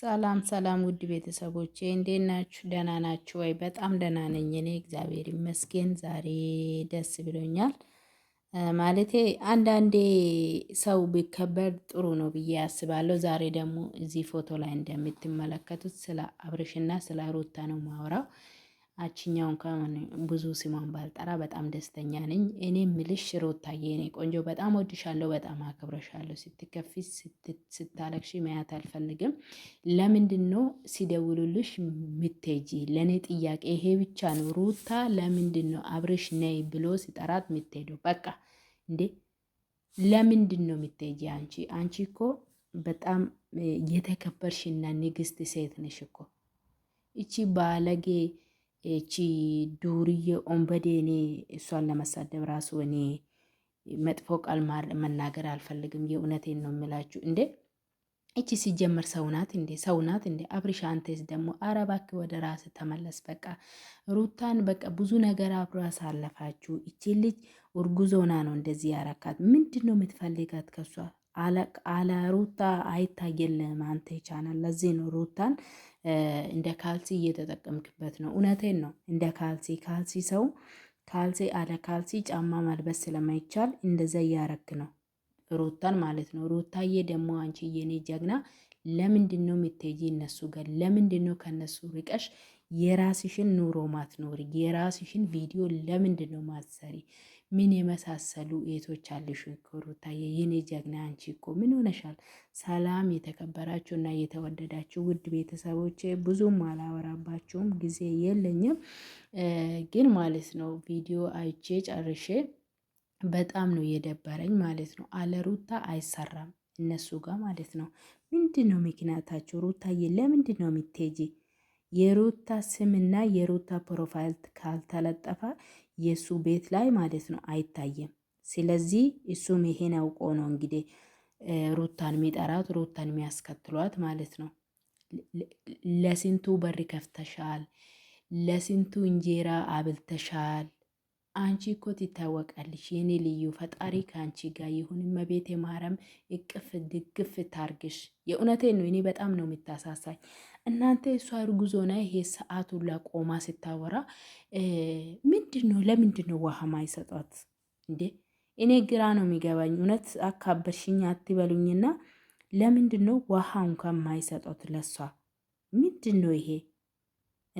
ሰላም ሰላም ውድ ቤተሰቦቼ እንዴት ናችሁ? ደህና ናችሁ ወይ? በጣም ደህና ነኝ እኔ እግዚአብሔር ይመስገን። ዛሬ ደስ ብሎኛል። ማለቴ አንዳንዴ ሰው ቢከበር ጥሩ ነው ብዬ አስባለሁ። ዛሬ ደግሞ እዚህ ፎቶ ላይ እንደምትመለከቱት ስለ አብርሽና ስለ ሩታ ነው ማውራው። አችኛውን ከሆነ ብዙ ስሟን ባልጠራ በጣም ደስተኛ ነኝ። እኔ ምልሽ ሩታዬ ኔ ቆንጆ በጣም ወድሻለሁ፣ በጣም አክብረሻለሁ። ስትከፊ ስታለቅሽ ማየት አልፈልግም። ለምንድን ነው ሲደውሉልሽ ምትጂ? ለእኔ ጥያቄ ይሄ ብቻ ነው። ሩታ ለምንድን ነው አብርሽ ነይ ብሎ ሲጠራት ምትሄደው? በቃ እንዴ ለምንድን ነው ምትጂ? አንቺ አንቺ እኮ በጣም የተከበርሽና ንግስት ሴት ነሽ እኮ እቺ ባለጌ እቺ ዱርዬ ኦንበዴ እኔ እሷን ለመሳደብ ራሱ እኔ መጥፎ ቃል መናገር አልፈልግም። የእውነቴን ነው የምላችሁ። እንዴ እቺ ሲጀመር ሰውናት እንዴ ሰውናት እንዴ አብርሽ፣ አንተስ ደግሞ ኧረ እባክህ ወደ ራስ ተመለስ። በቃ ሩታን በቃ ብዙ ነገር አብሮ ያሳለፋችሁ። እቺ ልጅ እርጉዝ ነው እንደዚህ ያረካት። ምንድን ነው የምትፈልጋት ከሷ? አለ ሩታ አይታየልህም አንተ ይቻላል። ለዚህ ነው ሩታን እንደ ካልሲ እየተጠቀምክበት ነው። እውነቴን ነው። እንደ ካልሲ ካልሲ ሰው ካልሲ አለ ካልሲ ጫማ መልበስ ስለማይቻል እንደዛ እያረግ ነው ሩታን ማለት ነው። ሩታዬ ደግሞ አንቺ የኔ ጀግና ለምንድን ነው የምትሄጂ እነሱ ጋር? ለምንድን ነው ከነሱ ርቀሽ የራስሽን ኑሮ ማትኖሪ? የራስሽን ቪዲዮ ለምንድን ነው ማትሰሪ? ምን የመሳሰሉ እህቶች አለሽ እኮ ሩታዬ፣ የኔ ጀግና አንቺ እኮ ምን ሆነሻል? ሰላም የተከበራችሁ እና የተወደዳችሁ ውድ ቤተሰቦቼ፣ ብዙም አላወራባችሁም ጊዜ የለኝም፣ ግን ማለት ነው ቪዲዮ አይቼ ጨርሼ በጣም ነው የደበረኝ ማለት ነው። አለ ሩታ አይሰራም እነሱ ጋር ማለት ነው። ምንድን ነው ምክንያታችሁ? ሩታዬ ለምንድን ነው የምትሄጂ? የሩታ ስምና የሩታ ፕሮፋይል ካልተለጠፈ የእሱ ቤት ላይ ማለት ነው አይታየም። ስለዚህ እሱም ይሄን አውቆ ነው እንግዲህ ሩታን የሚጠራት ሩታን የሚያስከትሏት ማለት ነው። ለስንቱ በር ከፍተሻል፣ ለስንቱ እንጀራ አብልተሻል። አንቺ እኮ ትታወቃለሽ፣ የኔ ልዩ ፈጣሪ ከአንቺ ጋር ይሁን። መቤት የማረም እቅፍ ድግፍ ታርግሽ። የእውነቴን ነው። እኔ በጣም ነው የምታሳሳኝ። እናንተ እሷ እርጉዝ ና ይሄ ሰዓቱ ላቆማ ስታወራ ምንድን ነው? ለምንድን ነው ውሃ ማይሰጧት እንዴ? እኔ ግራ ነው የሚገባኝ። እውነት አካበርሽኝ አትበሉኝና፣ ለምንድን ነው ውሃ እንኳን ማይሰጧት ለሷ? ምንድን ነው ይሄ?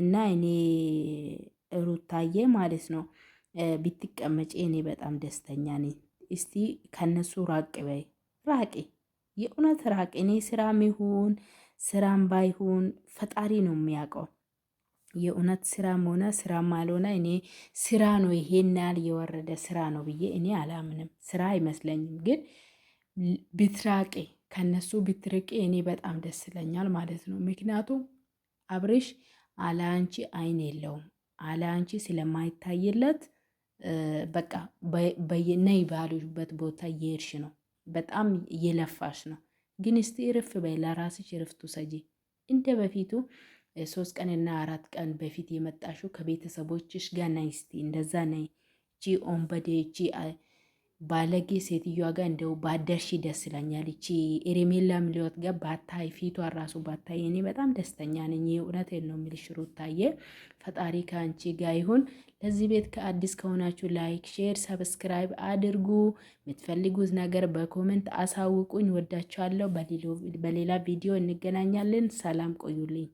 እና እኔ ሩታዬ ማለት ነው ብትቀመጪ እኔ በጣም ደስተኛ ነኝ። እስቲ ከነሱ ራቅ በይ፣ ራቂ፣ የእውነት ራቂ። እኔ ስራ ሚሁን ስራም ባይሆን ፈጣሪ ነው የሚያውቀው። የእውነት ስራም ሆነ ስራም አልሆነ እኔ ስራ ነው ይሄን ያህል የወረደ ስራ ነው ብዬ እኔ አላምንም። ስራ አይመስለኝም። ግን ብትራቄ ከነሱ ብትርቄ እኔ በጣም ደስ ይለኛል ማለት ነው። ምክንያቱም አብርሽ አላንቺ አይን የለውም አላንቺ ስለማይታይለት በቃ ነይ ባሉበት ቦታ እየሄድሽ ነው። በጣም እየለፋሽ ነው። ግን እስቲ እርፍ በይ፣ ለራስሽ እረፍት ውሰጂ። እንደ በፊቱ ሶስት ቀንና አራት ቀን በፊት የመጣሽው ከቤተሰቦችሽ ጋር ነይ፣ እስቲ እንደዛ ነይ። ጂ ኦምበዴ ጂ ባለጌ ሴትዮዋ ጋር እንደው ባደርሺ ደስ ይለኛል። ይቺ ኤሬሜላ ምልዮት ጋር ባታይ ፊቷ ራሱ ባታይ እኔ በጣም ደስተኛ ነኝ። እውነቴን ነው የምልሽ ሩታዬ፣ ፈጣሪ ከአንቺ ጋር ይሁን። ለዚህ ቤት ከአዲስ ከሆናችሁ ላይክ፣ ሼር፣ ሰብስክራይብ አድርጉ። የምትፈልጉት ነገር በኮሜንት አሳውቁኝ። ወዳችኋለሁ። በሌላ ቪዲዮ እንገናኛለን። ሰላም ቆዩልኝ።